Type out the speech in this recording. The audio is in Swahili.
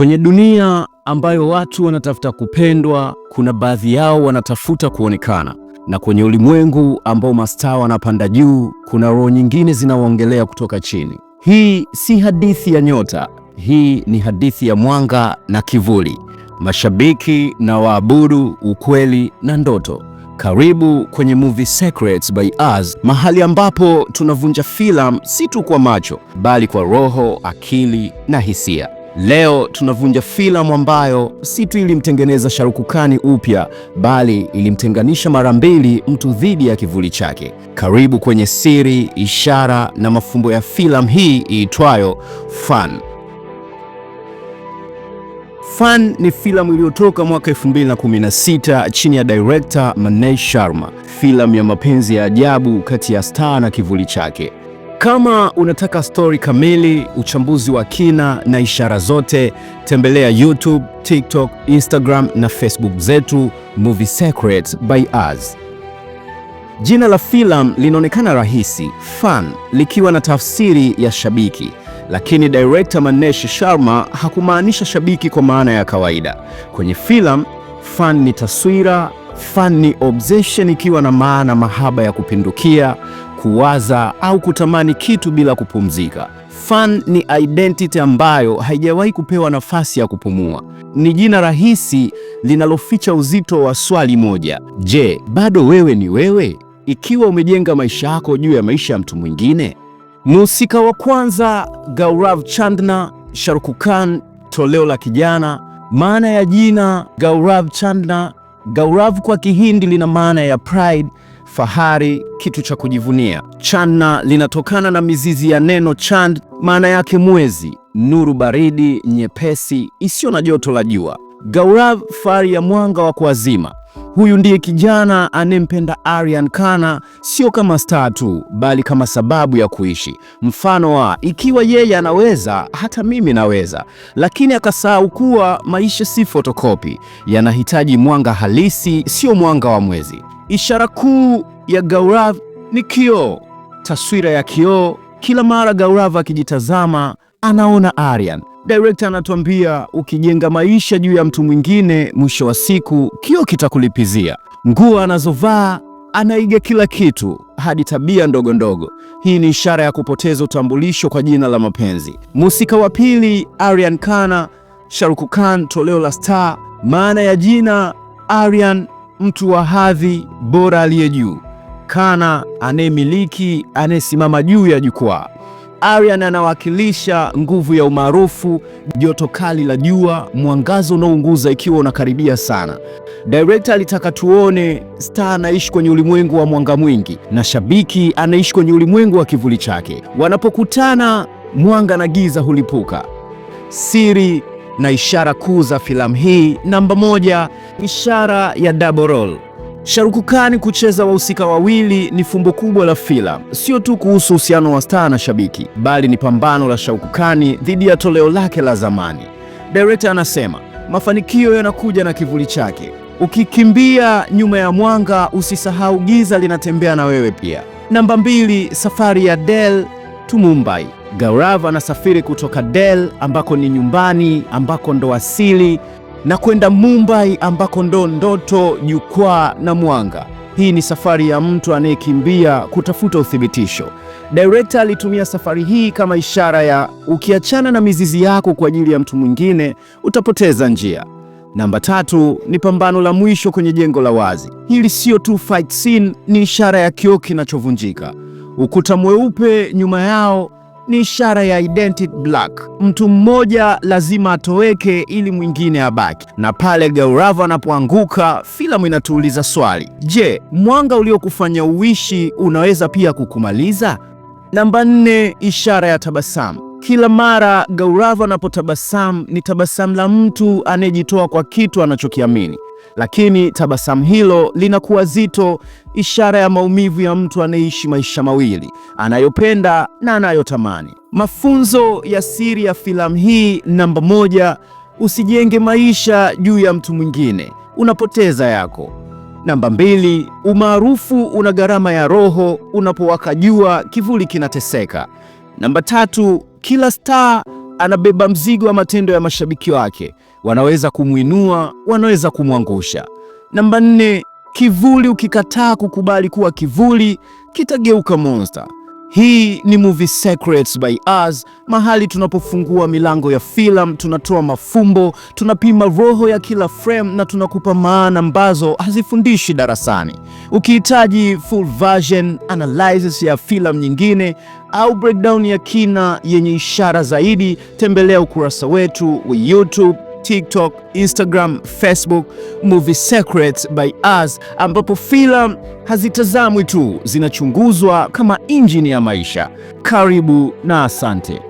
Kwenye dunia ambayo watu wanatafuta kupendwa, kuna baadhi yao wanatafuta kuonekana, na kwenye ulimwengu ambao mastaa wanapanda juu, kuna roho nyingine zinaoongelea kutoka chini. Hii si hadithi ya nyota, hii ni hadithi ya mwanga na kivuli, mashabiki na waabudu, ukweli na ndoto. Karibu kwenye Movie Secrets by Us, mahali ambapo tunavunja filamu si tu kwa macho, bali kwa roho, akili na hisia. Leo tunavunja filamu ambayo si tu ilimtengeneza Shahrukh Khan upya bali ilimtenganisha mara mbili mtu dhidi ya kivuli chake. Karibu kwenye siri, ishara na mafumbo ya filamu hii iitwayo Fan. Fan ni filamu iliyotoka mwaka 2016 chini ya director Manoj Sharma, filamu ya mapenzi ya ajabu kati ya star na kivuli chake. Kama unataka stori kamili, uchambuzi wa kina na ishara zote, tembelea YouTube, TikTok, Instagram na Facebook zetu Movie Secrets by Us. Jina la filamu linaonekana rahisi, Fan, likiwa na tafsiri ya shabiki, lakini director maneshi Sharma hakumaanisha shabiki kwa maana ya kawaida. Kwenye filamu, Fan ni taswira, Fan ni obsession ikiwa na maana mahaba ya kupindukia kuwaza au kutamani kitu bila kupumzika. Fun ni identity ambayo haijawahi kupewa nafasi ya kupumua. Ni jina rahisi linaloficha uzito wa swali moja: je, bado wewe ni wewe ikiwa umejenga maisha yako juu ya maisha ya mtu mwingine? Mhusika wa kwanza Gaurav Chandna, Shahrukh Khan, toleo la kijana. Maana ya jina Gaurav Chandna. Gaurav kwa Kihindi lina maana ya pride fahari, kitu cha kujivunia. Channa linatokana na mizizi ya neno chand, maana yake mwezi, nuru baridi nyepesi isiyo na joto la jua. Gaurav, fahari ya mwanga wa kuazima. Huyu ndiye kijana anayempenda Aryan Khanna, sio kama star tu, bali kama sababu ya kuishi. Mfano wa ikiwa yeye anaweza, hata mimi naweza, lakini akasahau kuwa maisha si fotokopi, yanahitaji mwanga halisi, sio mwanga wa mwezi. Ishara kuu ya Gaurav ni kioo, taswira ya kioo. Kila mara Gaurav akijitazama anaona Aryan. Director anatuambia ukijenga maisha juu ya mtu mwingine, mwisho wa siku kioo kitakulipizia. Nguo anazovaa anaiga kila kitu, hadi tabia ndogo ndogo. Hii ni ishara ya kupoteza utambulisho kwa jina la mapenzi. musika wa pili Aryan kana Shahrukh Khan, toleo la Star. Maana ya jina Aryan mtu wa hadhi bora aliye juu, Kana anayemiliki, anayesimama juu ya jukwaa. Aryan anawakilisha nguvu ya umaarufu, joto kali la jua, mwangazo unaounguza ikiwa unakaribia sana. Director alitaka tuone star anaishi kwenye ulimwengu wa mwanga mwingi na shabiki anaishi kwenye ulimwengu wa kivuli chake. Wanapokutana, mwanga na giza hulipuka, siri na ishara kuu za filamu hii, namba moja, ishara ya double role. Sharuku Khan kucheza wahusika wawili ni fumbo kubwa la filamu, sio tu kuhusu uhusiano wa staa na shabiki, bali ni pambano la Sharuku Khan dhidi ya toleo lake la zamani. Director anasema mafanikio yanakuja na kivuli chake. Ukikimbia nyuma ya mwanga, usisahau giza linatembea na wewe pia. Namba mbili, safari ya Del tu Mumbai. Gaurav anasafiri kutoka Delhi ambako ni nyumbani, ambako ndo asili na kwenda Mumbai ambako ndo ndoto, jukwaa na mwanga. Hii ni safari ya mtu anayekimbia kutafuta uthibitisho. Director alitumia safari hii kama ishara ya ukiachana na mizizi yako kwa ajili ya mtu mwingine utapoteza njia. Namba tatu ni pambano la mwisho kwenye jengo la wazi. Hili sio tu fight scene, ni ishara ya kioo kinachovunjika. Ukuta mweupe nyuma yao ni ishara ya identity black. Mtu mmoja lazima atoweke ili mwingine abaki, na pale Gaurava anapoanguka, filamu inatuuliza swali: je, mwanga uliokufanya uishi unaweza pia kukumaliza? Namba nne, ishara ya tabasamu. Kila mara Gaurav anapotabasamu ni tabasamu la mtu anayejitoa kwa kitu anachokiamini, lakini tabasamu hilo linakuwa zito, ishara ya maumivu ya mtu anayeishi maisha mawili, anayopenda na anayotamani. Mafunzo ya siri ya filamu hii: namba moja, usijenge maisha juu ya mtu mwingine, unapoteza yako. Namba mbili, umaarufu una gharama ya roho, unapowaka jua kivuli kinateseka. Namba tatu, kila star anabeba mzigo wa matendo ya mashabiki wake, wanaweza kumwinua, wanaweza kumwangusha. Namba nne, kivuli. Ukikataa kukubali kuwa kivuli, kitageuka monster. Hii ni Movie Secrets by Us, mahali tunapofungua milango ya filamu, tunatoa mafumbo, tunapima roho ya kila frame na tunakupa maana ambazo hazifundishi darasani. Ukihitaji full version, analysis ya filamu nyingine au breakdown ya kina yenye ishara zaidi, tembelea ukurasa wetu wa YouTube TikTok, Instagram, Facebook, Movie Secrets by Us, ambapo filamu hazitazamwi tu, zinachunguzwa kama injini ya maisha. Karibu na asante.